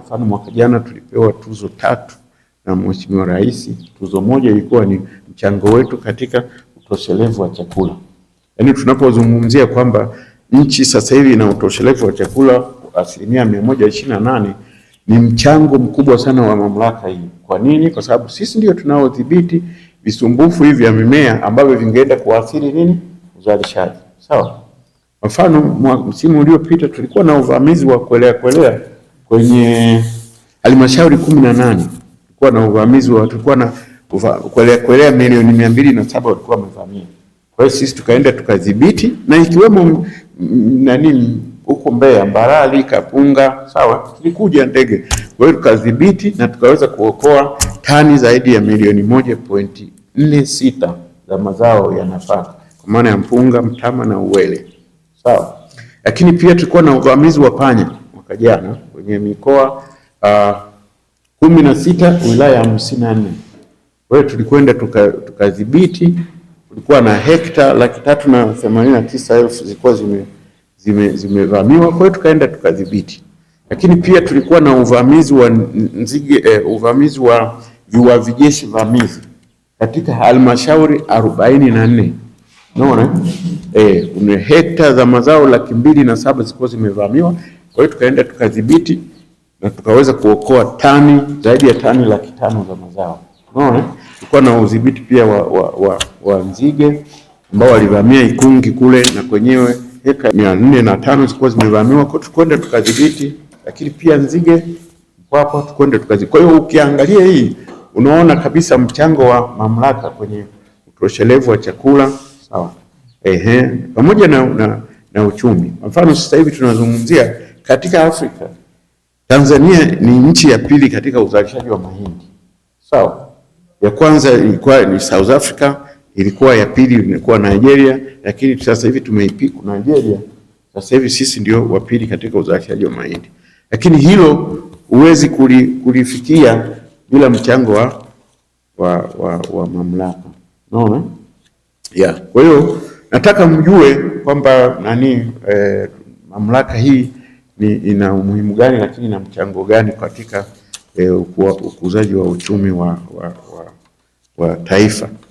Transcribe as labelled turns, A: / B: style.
A: Mfano, mwaka jana tulipewa tuzo tatu na Mheshimiwa Rais. Tuzo moja ilikuwa ni mchango wetu katika utoshelevu wa chakula, yaani tunapozungumzia kwamba nchi sasa hivi ina utoshelevu wa chakula asilimia mia moja ishirini na nane ni mchango mkubwa sana wa mamlaka hii. Kwa nini? Kwa sababu sisi ndio tunaodhibiti visumbufu hivi vya mimea ambavyo vingeenda kuathiri nini, uzalishaji. Sawa. Mfano, msimu uliopita tulikuwa na uvamizi wa kuelea kuelea kwenye halmashauri kumi na nane tulikuwa na uvamizi wa watu tulikuwa na kuelea milioni mia mbili na saba walikuwa wamevamia. Kwa hiyo sisi tukaenda tukadhibiti, na ikiwemo nani huko Mbeya, Mbarali, Kapunga, sawa, ilikuja ndege. Kwa hiyo tukadhibiti na tukaweza kuokoa tani zaidi ya milioni moja pointi nne sita za mazao ya nafaka kwa maana ya mpunga, mtama na uwele, sawa. Lakini pia tulikuwa na uvamizi wa panya mwaka jana kwenye mikoa uh, kumi na sita wilaya hamsini na nne. Kwa hiyo tulikwenda tukadhibiti tuka kulikuwa na hekta laki tatu na themanini na tisa elfu zilikuwa zime zimevamiwa kwa hiyo tukaenda tukadhibiti, lakini pia tulikuwa na uvamizi wa nzige eh, uvamizi wa viwavi jeshi vamizi katika halmashauri arobaini na nne. Unaona? Eh, eh ni hekta za mazao laki mbili na saba zilikuwa zimevamiwa. Kwa hiyo tukaenda tukadhibiti na tukaweza kuokoa tani zaidi ya tani laki tano za mazao. Unaona? Eh? Tulikuwa na udhibiti pia wa, wa, wa, wa nzige ambao walivamia Ikungi kule na kwenyewe heka mia nne na tano zilikuwa zimevamiwa. Kwa hiyo tukwenda tukadhibiti, lakini pia nzige hapo tukwenda tukadhibiti. Kwa hiyo ukiangalia hii unaona kabisa mchango wa mamlaka kwenye utoshelevu wa chakula sawa. Ehe, pamoja na, na, na uchumi. Kwa mfano sasa hivi tunazungumzia katika Afrika, Tanzania ni nchi ya pili katika uzalishaji wa mahindi sawa. Ya kwanza ilikuwa ni South Africa, ilikuwa ya pili ilikuwa Nigeria, lakini sasa hivi tumeipiku Nigeria. Sasa hivi sisi ndio wa pili katika uzalishaji wa mahindi, lakini hilo huwezi kulifikia bila mchango wa, wa, wa, wa mamlaka, unaona yeah. Kwa hiyo nataka mjue kwamba nani e, mamlaka hii ni ina umuhimu gani, lakini ina mchango gani katika e, ukuzaji wa uchumi wa, wa, wa, wa taifa.